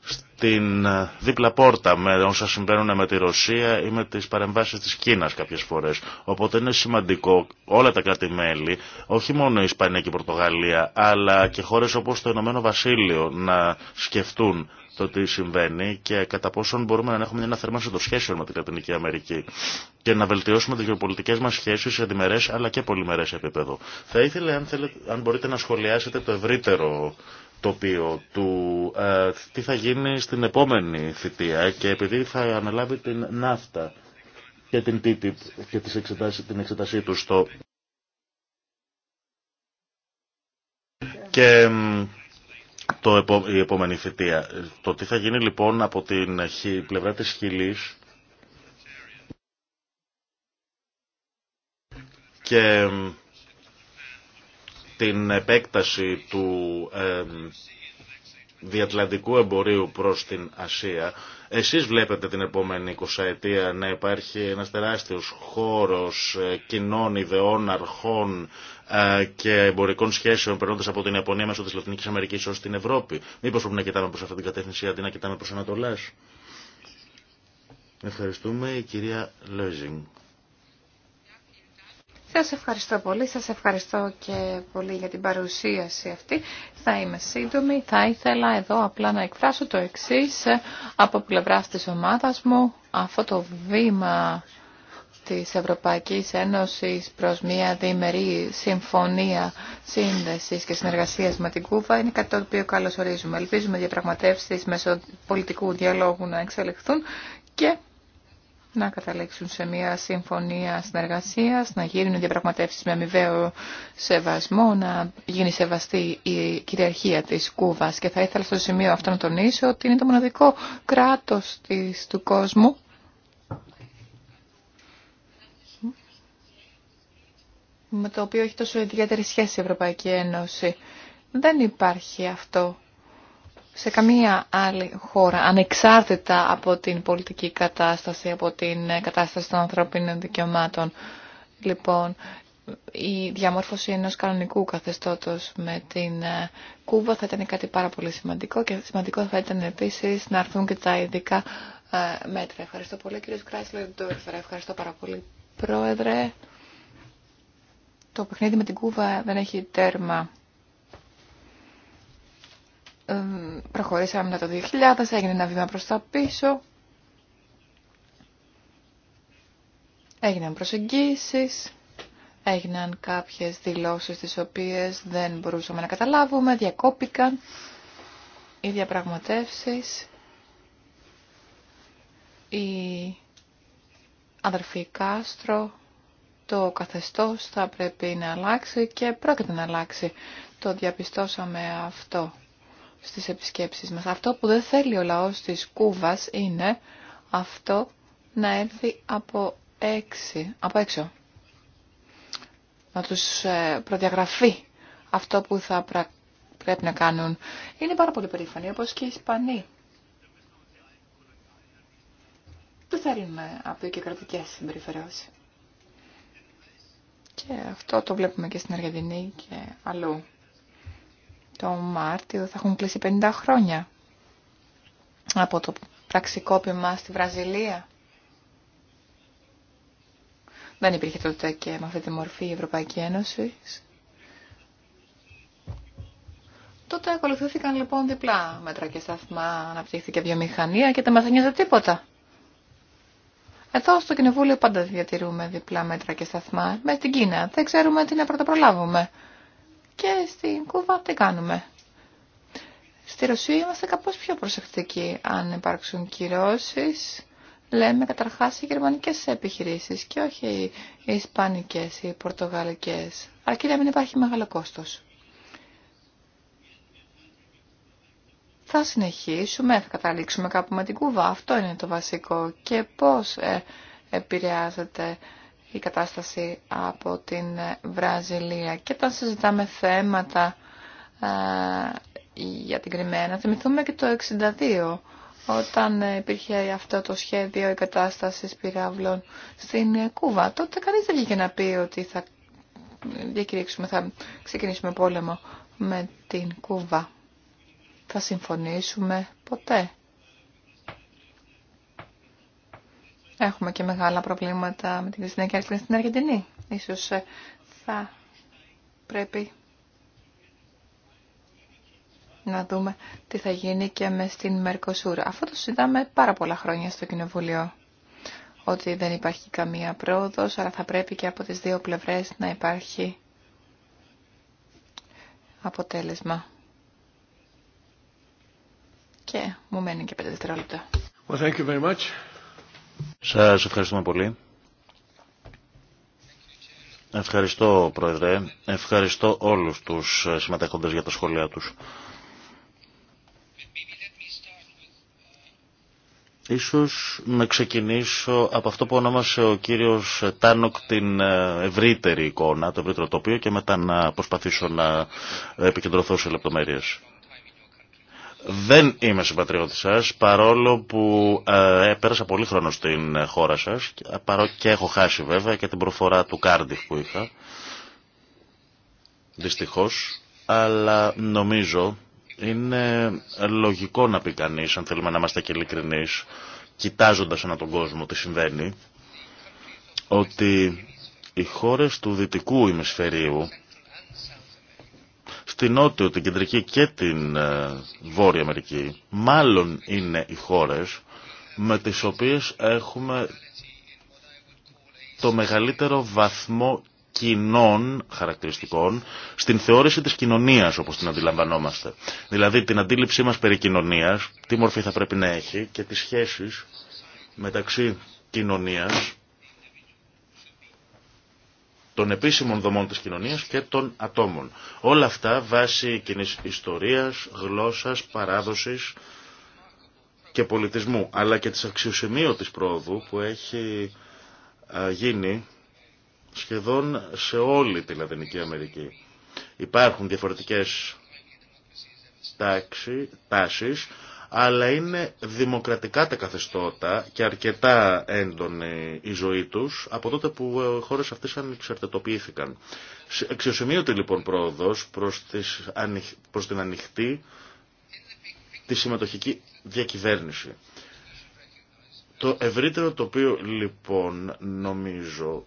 Speaker 3: στην δίπλα πόρτα με όσα συμβαίνουν με τη Ρωσία ή με τις παρεμβάσεις της Κίνας κάποιες φορές. Οπότε είναι σημαντικό όλα τα κράτη-μέλη, όχι μόνο η Ισπανία και η Πορτογαλία, αλλά και χώρες όπως το Ηνωμένο Βασίλειο να σκεφτούν το τι συμβαίνει και κατά πόσον μπορούμε να έχουμε μια θερμάση των σχέσεων με την Λατινική Αμερική και να βελτιώσουμε τι γεωπολιτικές μα σχέσει σε διμερέ αλλά και πολυμερέ επίπεδο. Θα ήθελα, αν, αν μπορείτε, να σχολιάσετε το ευρύτερο τοπίο του ε, τι θα γίνει στην επόμενη θητεία και επειδή θα αναλάβει την ναύτα και την TTIP και τις εξετάσεις, την εξετασή του στο το, η επόμενη Το τι θα γίνει λοιπόν από την πλευρά της Χιλής και την επέκταση του διατλαντικού εμπορίου προς την Ασία. Εσείς βλέπετε την επόμενη 20 ετία να υπάρχει ένας τεράστιος χώρος ε, κοινών ιδεών, αρχών ε, και εμπορικών σχέσεων περνώντα από την Ιαπωνία μέσω της Λατινικής Αμερικής ως την Ευρώπη. Μήπως πρέπει να κοιτάμε προς αυτή την κατεύθυνση αντί να κοιτάμε προς Ανατολές. Ευχαριστούμε η κυρία Λέζινγκ.
Speaker 2: Σας ευχαριστώ πολύ, σας ευχαριστώ και πολύ για την παρουσίαση αυτή. Θα είμαι σύντομη, θα ήθελα εδώ απλά να εκφράσω το εξής από πλευράς της ομάδας μου. Αυτό το βήμα της Ευρωπαϊκής Ένωσης προς μια διημερή συμφωνία σύνδεσης και συνεργασίας με την Κούβα είναι κάτι το οποίο καλωσορίζουμε. Ελπίζουμε διαπραγματεύσεις μέσω πολιτικού διαλόγου να εξελιχθούν και να καταλήξουν σε μια συμφωνία συνεργασίας, να γίνουν διαπραγματεύσεις με αμοιβαίο σεβασμό, να γίνει σεβαστή η κυριαρχία της Κούβας. Και θα ήθελα στο σημείο αυτό να τονίσω ότι είναι το μοναδικό κράτος της, του κόσμου με το οποίο έχει τόσο ιδιαίτερη σχέση η Ευρωπαϊκή Ένωση. Δεν υπάρχει αυτό σε καμία άλλη χώρα, ανεξάρτητα από την πολιτική κατάσταση, από την ε, κατάσταση των ανθρωπίνων δικαιωμάτων. Λοιπόν, η διαμόρφωση ενός κανονικού καθεστώτος με την ε, Κούβα θα ήταν κάτι πάρα πολύ σημαντικό και σημαντικό θα ήταν επίσης να έρθουν και τα ειδικά ε, μέτρα. Ευχαριστώ πολύ κύριος Κράσλερ Ευχαριστώ πάρα πολύ πρόεδρε. Το παιχνίδι με την Κούβα δεν έχει τέρμα προχωρήσαμε μετά το 2000, έγινε ένα βήμα προς τα πίσω. Έγιναν προσεγγίσεις, έγιναν κάποιες δηλώσεις τις οποίες δεν μπορούσαμε να καταλάβουμε, διακόπηκαν οι διαπραγματεύσεις, η αδερφή Κάστρο, το καθεστώς θα πρέπει να αλλάξει και πρόκειται να αλλάξει. Το διαπιστώσαμε αυτό στις επισκέψεις μας. Αυτό που δεν θέλει ο λαός της Κούβας είναι αυτό να έρθει από, έξι, από έξω. Να τους ε, προδιαγραφεί αυτό που θα πρέπει να κάνουν. Είναι πάρα πολύ περήφανοι, όπως και οι Ισπανοί. Δεν θα ρίνουμε από οικοκρατικές συμπεριφερώσεις. Και αυτό το βλέπουμε και στην Αργεντινή και αλλού. Το Μάρτιο θα έχουν κλείσει 50 χρόνια από το πραξικόπημα στη Βραζιλία. Δεν υπήρχε τότε και με αυτή τη μορφή η Ευρωπαϊκή Ένωση. Τότε ακολουθήθηκαν λοιπόν διπλά μέτρα και σταθμά, αναπτύχθηκε βιομηχανία και δεν μας ένιωσε τίποτα. Εδώ στο Κοινοβούλιο πάντα διατηρούμε διπλά μέτρα και σταθμά. Με την Κίνα δεν ξέρουμε τι να πρωτοπρολάβουμε και στην Κούβα τι κάνουμε. Στη Ρωσία είμαστε κάπως πιο προσεκτικοί. Αν υπάρξουν κυρώσεις, λέμε καταρχάς οι γερμανικές επιχειρήσεις και όχι οι ισπανικές ή οι πορτογαλικές. Αρκεί να μην υπάρχει μεγάλο κόστος. Θα συνεχίσουμε, θα καταλήξουμε κάπου με την Κούβα. Αυτό είναι το βασικό. Και πώς ε, επηρεάζεται η κατάσταση από την Βραζιλία. Και όταν συζητάμε θέματα ε, για την Κρυμαία, να θυμηθούμε και το 1962 όταν υπήρχε αυτό το σχέδιο η κατάσταση πυράβλων στην Κούβα. Τότε κανείς δεν βγήκε να πει ότι θα διακηρύξουμε, θα ξεκινήσουμε πόλεμο με την Κούβα. Θα συμφωνήσουμε ποτέ. Έχουμε και μεγάλα προβλήματα με την Κριστίνα και στην Αργεντινή. Ίσως ε, θα πρέπει να δούμε τι θα γίνει και με στην Μερκοσούρ. Αυτό το συζητάμε πάρα πολλά χρόνια στο Κοινοβούλιο. Ότι δεν υπάρχει καμία πρόοδος, αλλά θα πρέπει και από τις δύο πλευρές να υπάρχει αποτέλεσμα. Και μου μένει και πέντε δευτερόλεπτα.
Speaker 3: Σας ευχαριστούμε πολύ. Ευχαριστώ, Πρόεδρε. Ευχαριστώ όλους τους συμμετέχοντες για τα σχόλιά τους. Ίσως να ξεκινήσω από αυτό που ονόμασε ο κύριος Τάνοκ την ε, ευρύτερη εικόνα, το ευρύτερο τοπίο και μετά να προσπαθήσω να επικεντρωθώ σε λεπτομέρειες. Δεν είμαι συμπατριώτη σα, παρόλο που ε, πέρασα πολύ χρόνο στην χώρα σα ε, και έχω χάσει βέβαια και την προφορά του Κάρντιχ που είχα. Δυστυχώ. Αλλά νομίζω είναι λογικό να πει κανεί, αν θέλουμε να είμαστε και ειλικρινεί, κοιτάζοντα ανά τον κόσμο τι συμβαίνει, ότι οι χώρε του δυτικού ημισφαιρίου την Νότιο, την Κεντρική και την ε, Βόρεια Αμερική, μάλλον είναι οι χώρες με τις οποίες έχουμε το μεγαλύτερο βαθμό κοινών χαρακτηριστικών στην θεώρηση της κοινωνίας όπως την αντιλαμβανόμαστε. Δηλαδή την αντίληψή μας περί κοινωνίας, τι μορφή θα πρέπει να έχει και τις σχέσεις μεταξύ κοινωνίας των επίσημων δομών της κοινωνίας και των ατόμων. Όλα αυτά βάσει κοινή ιστορίας, γλώσσας, παράδοσης και πολιτισμού, αλλά και της αξιοσημείωτης πρόοδου που έχει γίνει σχεδόν σε όλη τη Λατινική Αμερική. Υπάρχουν διαφορετικές τάξεις τάσεις αλλά είναι δημοκρατικά τα καθεστώτα και αρκετά έντονη η ζωή τους από τότε που οι ε, χώρες αυτές ανεξαρτητοποιήθηκαν. Εξιοσημείωτη λοιπόν πρόοδος προς, προς την ανοιχτή τη συμμετοχική διακυβέρνηση. Το ευρύτερο το οποίο λοιπόν νομίζω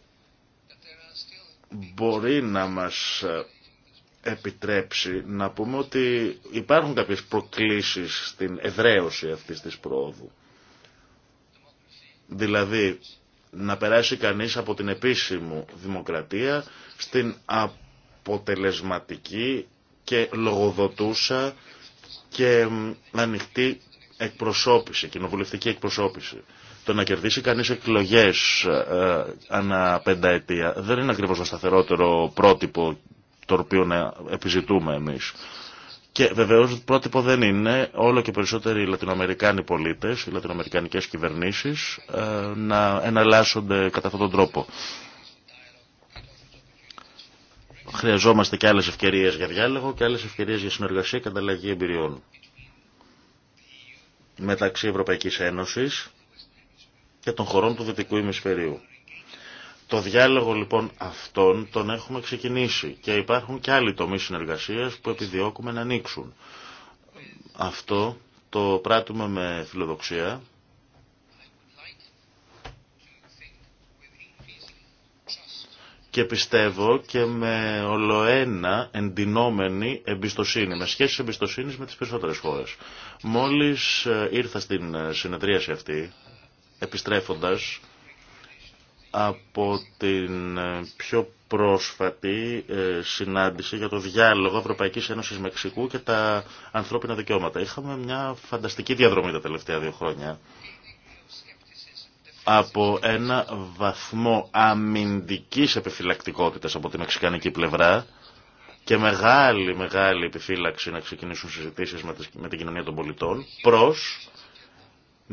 Speaker 3: μπορεί να μας ε, επιτρέψει να πούμε ότι υπάρχουν κάποιες προκλήσεις στην εδραίωση αυτής της πρόοδου. Δηλαδή, να περάσει κανείς από την επίσημη δημοκρατία στην αποτελεσματική και λογοδοτούσα και ανοιχτή εκπροσώπηση, κοινοβουλευτική εκπροσώπηση. Το να κερδίσει κανείς εκλογές ε, ανά πενταετία δεν είναι ακριβώς το σταθερότερο πρότυπο το οποίο επιζητούμε εμείς. Και βεβαίω πρότυπο δεν είναι όλο και περισσότεροι Λατινοαμερικάνοι πολίτε, οι Λατινοαμερικανικέ κυβερνήσει ε, να εναλλάσσονται κατά αυτόν τον τρόπο. Χρειαζόμαστε και άλλε ευκαιρίε για διάλογο και άλλε ευκαιρίε για συνεργασία και ανταλλαγή εμπειριών μεταξύ Ευρωπαϊκής Ένωσης και των χωρών του Δυτικού Ημισφαιρίου. Το διάλογο λοιπόν αυτόν τον έχουμε ξεκινήσει και υπάρχουν και άλλοι τομείς συνεργασία που επιδιώκουμε να ανοίξουν. Αυτό το πράττουμε με φιλοδοξία. Και πιστεύω και με ολοένα εντυνόμενη εμπιστοσύνη, με σχέσεις εμπιστοσύνης με τις περισσότερες χώρες. Μόλις ε, ήρθα στην ε, συνεδρίαση αυτή, επιστρέφοντας, από την ε, πιο πρόσφατη ε, συνάντηση για το διάλογο Ευρωπαϊκής Ένωσης Μεξικού και τα ανθρώπινα δικαιώματα. Είχαμε μια φανταστική διαδρομή τα τελευταία δύο χρόνια από ένα βαθμό αμυντικής επιφυλακτικότητας από τη μεξικανική πλευρά και μεγάλη, μεγάλη επιφύλαξη να ξεκινήσουν συζητήσεις με την κοινωνία των πολιτών προς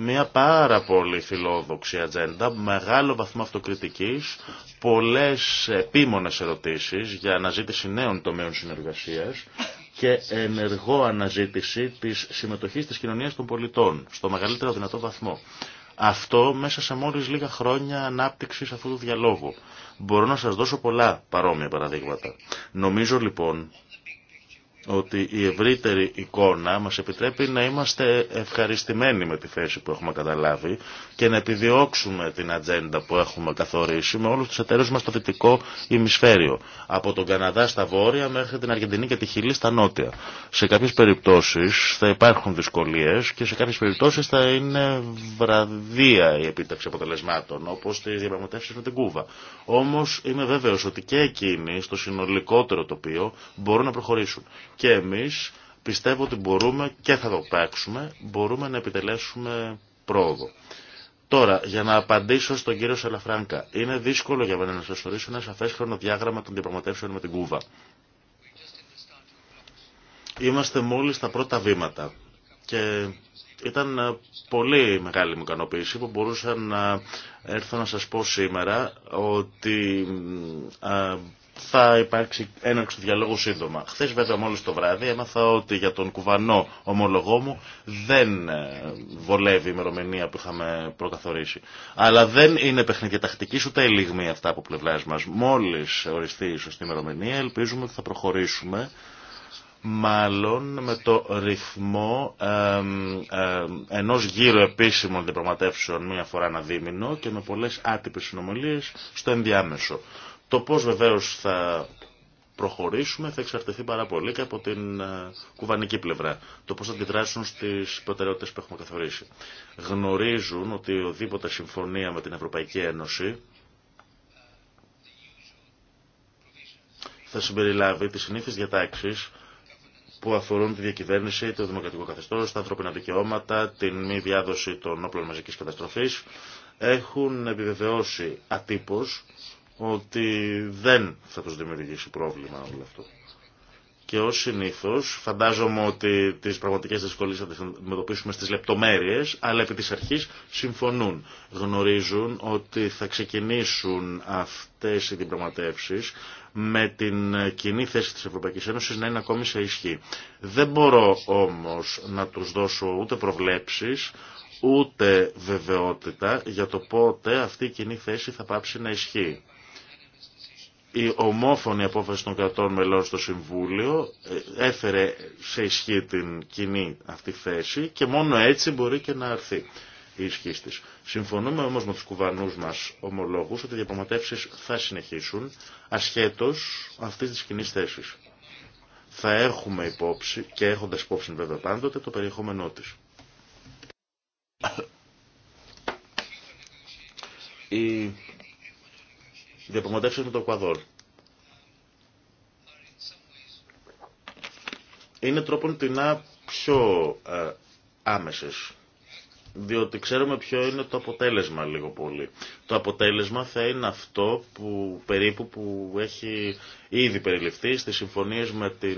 Speaker 3: μια πάρα πολύ φιλόδοξη ατζέντα, μεγάλο βαθμό αυτοκριτικής, πολλές επίμονες ερωτήσεις για αναζήτηση νέων τομέων συνεργασίας και ενεργό αναζήτηση της συμμετοχής της κοινωνίας των πολιτών στο μεγαλύτερο δυνατό βαθμό. Αυτό μέσα σε μόλις λίγα χρόνια ανάπτυξης αυτού του διαλόγου. Μπορώ να σας δώσω πολλά παρόμοια παραδείγματα. Νομίζω λοιπόν ότι η ευρύτερη εικόνα μας επιτρέπει να είμαστε ευχαριστημένοι με τη θέση που έχουμε καταλάβει και να επιδιώξουμε την ατζέντα που έχουμε καθορίσει με όλους τους εταίρους μας στο δυτικό ημισφαίριο. Από τον Καναδά στα βόρεια μέχρι την Αργεντινή και τη Χιλή στα νότια. Σε κάποιες περιπτώσεις θα υπάρχουν δυσκολίες και σε κάποιες περιπτώσεις θα είναι βραδία η επίτευξη αποτελεσμάτων όπως τις διαπραγματεύσεις με την Κούβα. Όμως είμαι βέβαιος ότι και εκείνοι στο συνολικότερο τοπίο μπορούν να προχωρήσουν και εμείς πιστεύω ότι μπορούμε και θα το παίξουμε, μπορούμε να επιτελέσουμε πρόοδο. Τώρα, για να απαντήσω στον κύριο Σαλαφράγκα, είναι δύσκολο για μένα να σας ορίσω ένα σαφές χρονοδιάγραμμα των διαπραγματεύσεων με την Κούβα. Είμαστε μόλις στα πρώτα βήματα και ήταν πολύ μεγάλη μου ικανοποίηση που μπορούσα να έρθω να σας πω σήμερα ότι θα υπάρξει έναρξη διαλόγου σύντομα. Χθε βέβαια μόλι το βράδυ έμαθα ότι για τον κουβανό ομολογό μου δεν ε, βολεύει η ημερομηνία που είχαμε προκαθορίσει. Αλλά δεν είναι παιχνίδια τακτική ούτε ελιγμή αυτά από πλευρά μα. Μόλι οριστεί η σωστή ημερομηνία ελπίζουμε ότι θα προχωρήσουμε μάλλον με το ρυθμό ε, ε, ενός γύρου επίσημων διαπραγματεύσεων μία φορά ένα δίμηνο και με πολλές άτυπες συνομιλίες στο ενδιάμεσο. Το πώς βεβαίως θα προχωρήσουμε θα εξαρτηθεί πάρα πολύ και από την ε, κουβανική πλευρά. Το πώς θα αντιδράσουν στις προτεραιότητες που έχουμε καθορίσει. Γνωρίζουν ότι οδήποτε συμφωνία με την Ευρωπαϊκή Ένωση θα συμπεριλάβει τις συνήθεις διατάξεις που αφορούν τη διακυβέρνηση, το δημοκρατικό καθεστώς, τα ανθρώπινα δικαιώματα, την μη διάδοση των όπλων μαζικής καταστροφής, έχουν επιβεβαιώσει ατύπως ότι δεν θα τους δημιουργήσει πρόβλημα όλο αυτό. Και ως συνήθως φαντάζομαι ότι τις πραγματικές δυσκολίες θα τις αντιμετωπίσουμε στις λεπτομέρειες, αλλά επί της αρχής συμφωνούν. Γνωρίζουν ότι θα ξεκινήσουν αυτές οι διπραγματεύσεις με την κοινή θέση της Ευρωπαϊκής Ένωσης να είναι ακόμη σε ισχύ. Δεν μπορώ όμως να τους δώσω ούτε προβλέψεις, ούτε βεβαιότητα για το πότε αυτή η κοινή θέση θα πάψει να ισχύει η ομόφωνη απόφαση των κρατών μελών στο Συμβούλιο ε, έφερε σε ισχύ την κοινή αυτή θέση και μόνο έτσι μπορεί και να αρθεί η ισχύ τη. Συμφωνούμε όμως με τους κουβανούς μας ομολόγους ότι οι διαπραγματεύσεις θα συνεχίσουν ασχέτως αυτής της κοινή θέση. Θα έχουμε υπόψη και έχοντας υπόψη βέβαια πάντοτε το περιεχόμενό της οι με το Εκουαδόρ. Είναι τρόπον την πιο ε, άμεσες διότι ξέρουμε ποιο είναι το αποτέλεσμα λίγο πολύ. Το αποτέλεσμα θα είναι αυτό που περίπου που έχει ήδη περιληφθεί στις συμφωνίες με, ε,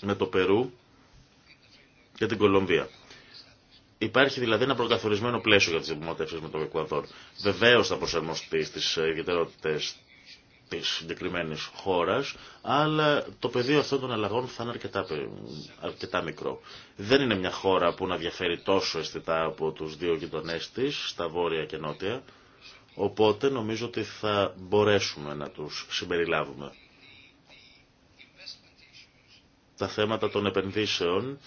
Speaker 3: με το Περού και την Κολομβία. Υπάρχει δηλαδή ένα προκαθορισμένο πλαίσιο για τι δημοτεύσει με το Εκουαδόρ. Βεβαίω θα προσαρμοστεί στι ε, ιδιαιτερότητε τη συγκεκριμένη χώρα, αλλά το πεδίο αυτών των αλλαγών θα είναι αρκετά, αρκετά μικρό. Δεν είναι μια χώρα που να διαφέρει τόσο αισθητά από του δύο γειτονέ τη, στα βόρεια και νότια, οπότε νομίζω ότι θα μπορέσουμε να τους συμπεριλάβουμε τα θέματα των επενδύσεων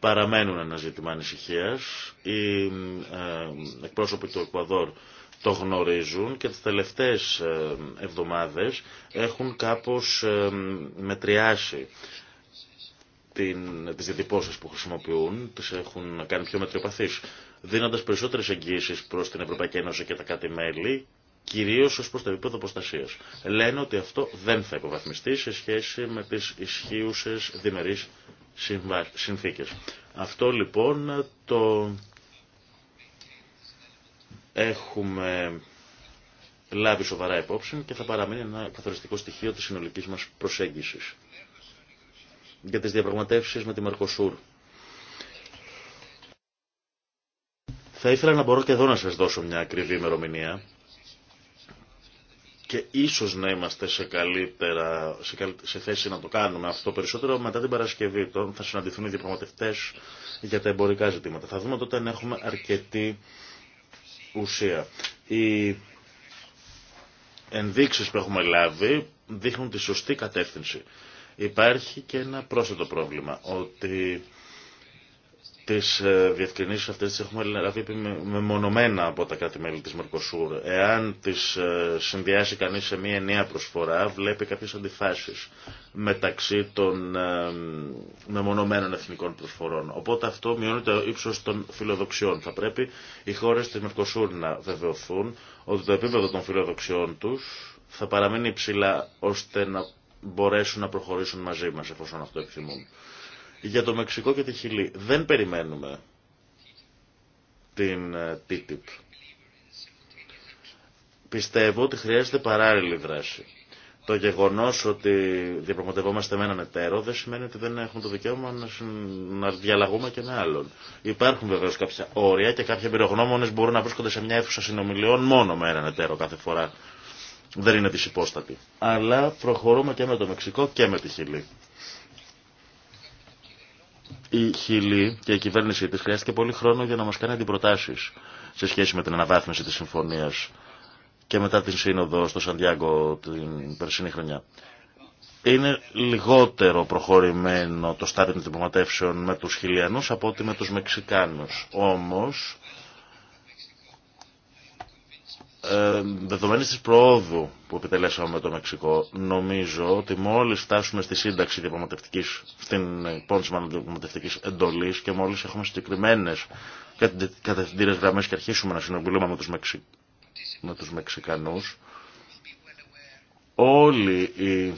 Speaker 3: παραμένουν ένα ζήτημα ανησυχία. Οι ε, εκπρόσωποι του Εκουαδόρ το γνωρίζουν και τις τελευταίες ε, εβδομάδες έχουν κάπως ε, μετριάσει την, τις διατυπώσεις που χρησιμοποιούν, τις έχουν κάνει πιο μετριοπαθείς, δίνοντας περισσότερες εγγύσεις προς την Ευρωπαϊκή Ένωση και τα κάτι μέλη κυρίως ως προς το επίπεδο προστασίας. Λένε ότι αυτό δεν θα υποβαθμιστεί σε σχέση με τις ισχύουσες διμερείς συνθήκες. Αυτό λοιπόν το έχουμε λάβει σοβαρά υπόψη και θα παραμείνει ένα καθοριστικό στοιχείο της συνολικής μας προσέγγισης για τις διαπραγματεύσεις με τη Μαρκοσούρ. Θα ήθελα να μπορώ και εδώ να σας δώσω μια ακριβή ημερομηνία, και ίσως να είμαστε σε, καλύτερα, σε, θέση να το κάνουμε αυτό περισσότερο μετά την Παρασκευή. των θα συναντηθούν οι διαπραγματευτές για τα εμπορικά ζητήματα. Θα δούμε τότε αν έχουμε αρκετή ουσία. Οι ενδείξεις που έχουμε λάβει δείχνουν τη σωστή κατεύθυνση. Υπάρχει και ένα πρόσθετο πρόβλημα, ότι τις ε, διευκρινήσεις αυτές τις έχουμε λάβει μεμονωμένα από τα κράτη-μέλη της Μερκοσούρ. Εάν τις ε, συνδυάσει κανείς σε μία νέα προσφορά, βλέπει κάποιες αντιφάσεις μεταξύ των ε, μεμονωμένων εθνικών προσφορών. Οπότε αυτό μειώνει το ύψος των φιλοδοξιών. Θα πρέπει οι χώρες της Μερκοσούρ να βεβαιωθούν ότι το επίπεδο των φιλοδοξιών τους θα παραμείνει υψηλά ώστε να μπορέσουν να προχωρήσουν μαζί μας εφόσον αυτό επιθυμούν. Για το Μεξικό και τη Χιλή δεν περιμένουμε την ε, TTIP. Πιστεύω ότι χρειάζεται παράλληλη δράση. Το γεγονό ότι διαπραγματευόμαστε με έναν εταίρο δεν σημαίνει ότι δεν έχουμε το δικαίωμα να, να διαλλαγούμε και με άλλον. Υπάρχουν βεβαίω κάποια όρια και κάποιοι εμπειρογνώμονε μπορούν να βρίσκονται σε μια αίθουσα συνομιλιών μόνο με έναν εταίρο κάθε φορά. Δεν είναι τη υπόστατη. Αλλά προχωρούμε και με το Μεξικό και με τη Χιλή. Η Χιλή και η κυβέρνησή της χρειάστηκε πολύ χρόνο για να μας κάνει αντιπροτάσεις σε σχέση με την αναβάθμιση της συμφωνίας και μετά την σύνοδο στο Σαντιάγκο την περσινή χρονιά. Είναι λιγότερο προχωρημένο το στάδιο των διπλωματεύσεων με τους Χιλιανούς από ότι με τους Μεξικάνους. Όμως ε, δεδομένης της προόδου που επιτελέσαμε με το Μεξικό, νομίζω ότι μόλις φτάσουμε στη σύνταξη διαπραγματευτικής, στην εντολής και μόλις έχουμε συγκεκριμένες κατευθυντήρες γραμμές και αρχίσουμε να συνομιλούμε με τους, Μεξι... με Μεξικανούς, όλοι οι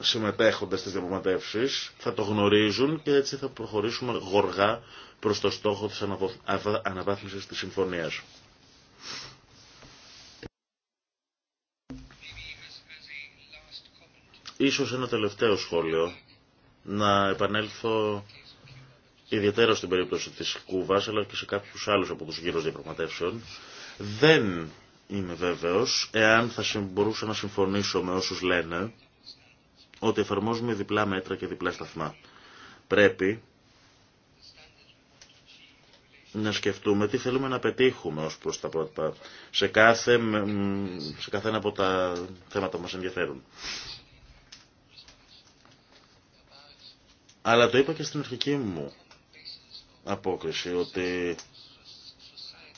Speaker 3: συμμετέχοντες στις διαπραγματεύσεις θα το γνωρίζουν και έτσι θα προχωρήσουμε γοργά προς το στόχο της αναβάθμισης της συμφωνίας. Ίσως ένα τελευταίο σχόλιο να επανέλθω ιδιαίτερα στην περίπτωση της Κούβας αλλά και σε κάποιους άλλους από τους γύρους διαπραγματεύσεων. Δεν είμαι βέβαιος εάν θα μπορούσα να συμφωνήσω με όσους λένε ότι εφαρμόζουμε διπλά μέτρα και διπλά σταθμά. Πρέπει να σκεφτούμε τι θέλουμε να πετύχουμε ως προς τα πρότυπα σε κάθε, σε κάθε ένα από τα θέματα που μας ενδιαφέρουν. Αλλά το είπα και στην αρχική μου απόκριση ότι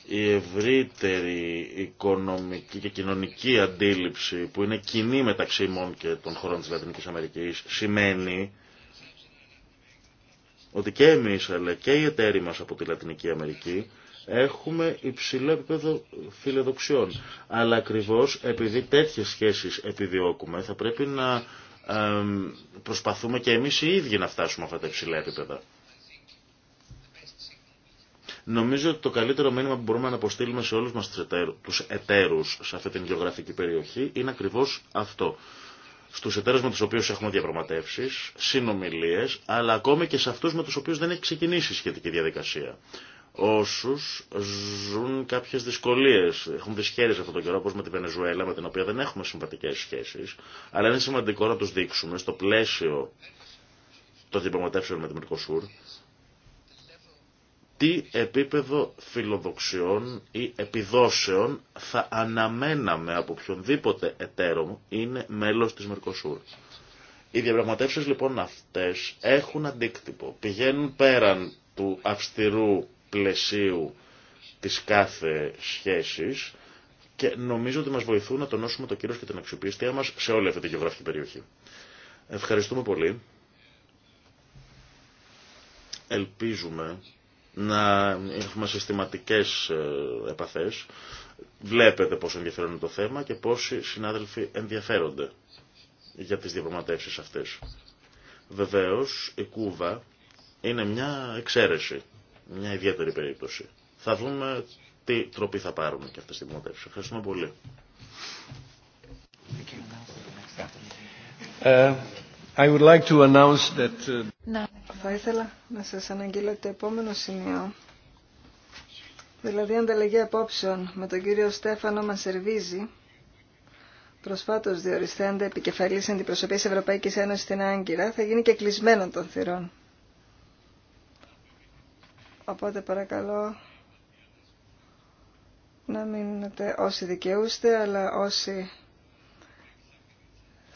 Speaker 3: η ευρύτερη οικονομική και κοινωνική αντίληψη που είναι κοινή μεταξύ και των χωρών της Λατινικής Αμερικής σημαίνει ότι και εμείς αλλά και οι εταίροι μας από τη Λατινική Αμερική έχουμε υψηλό επίπεδο φιλοδοξιών. Αλλά ακριβώς επειδή τέτοιες σχέσεις επιδιώκουμε θα πρέπει να προσπαθούμε και εμείς οι ίδιοι να φτάσουμε αυτά τα υψηλά επίπεδα. Νομίζω ότι το καλύτερο μήνυμα που μπορούμε να αποστείλουμε σε όλους μας τους εταίρους σε αυτή την γεωγραφική περιοχή είναι ακριβώς αυτό στους εταίρους με τους οποίους έχουμε διαπραγματεύσεις, συνομιλίες, αλλά ακόμη και σε αυτούς με τους οποίους δεν έχει ξεκινήσει η σχετική διαδικασία. Όσους ζουν κάποιες δυσκολίες, έχουν δυσχέρειες αυτόν τον καιρό, όπως με τη Βενεζουέλα, με την οποία δεν έχουμε συμβατικές σχέσεις, αλλά είναι σημαντικό να τους δείξουμε στο πλαίσιο των διαπραγματεύσεων με την Μερκοσούρ, τι επίπεδο φιλοδοξιών ή επιδόσεων θα αναμέναμε από οποιονδήποτε εταίρο είναι μέλος της Μερκοσούρ. Οι διαπραγματεύσεις λοιπόν αυτές έχουν αντίκτυπο, πηγαίνουν πέραν του αυστηρού πλαισίου της κάθε σχέσης και νομίζω ότι μας βοηθούν να τονώσουμε το κύρος και την αξιοπιστία μας σε όλη αυτή τη γεωγραφική περιοχή. Ευχαριστούμε πολύ. Ελπίζουμε να έχουμε συστηματικές ε, επαφές. Βλέπετε πόσο ενδιαφέρον είναι το θέμα και πόσοι συνάδελφοι ενδιαφέρονται για τις διαπραγματεύσεις αυτές. Βεβαίως, η Κούβα είναι μια εξαίρεση, μια ιδιαίτερη περίπτωση. Θα δούμε τι τροπή θα πάρουν και αυτές τις διαπραγματεύσεις. Ευχαριστούμε πολύ. Ε, I would like to announce that...
Speaker 1: Uh, θα ήθελα να σας αναγγείλω το επόμενο σημείο. Δηλαδή ανταλλαγή απόψεων με τον κύριο Στέφανο Μασερβίζη, προσφάτω διοριστέντα επικεφαλής αντιπροσωπής Ευρωπαϊκής Ένωσης στην Άγκυρα, θα γίνει και κλεισμένο των θυρών. Οπότε παρακαλώ να μείνετε όσοι δικαιούστε, αλλά όσοι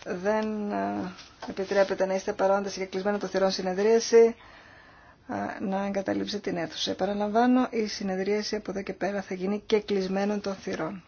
Speaker 1: δεν ε, επιτρέπεται να είστε παρόντες και κλεισμένο το θηρόν συνεδρίαση ε, να εγκαταλείψετε την αίθουσα. Παραλαμβάνω, η συνεδρίαση από εδώ και πέρα θα γίνει και κλεισμένο των θυρών.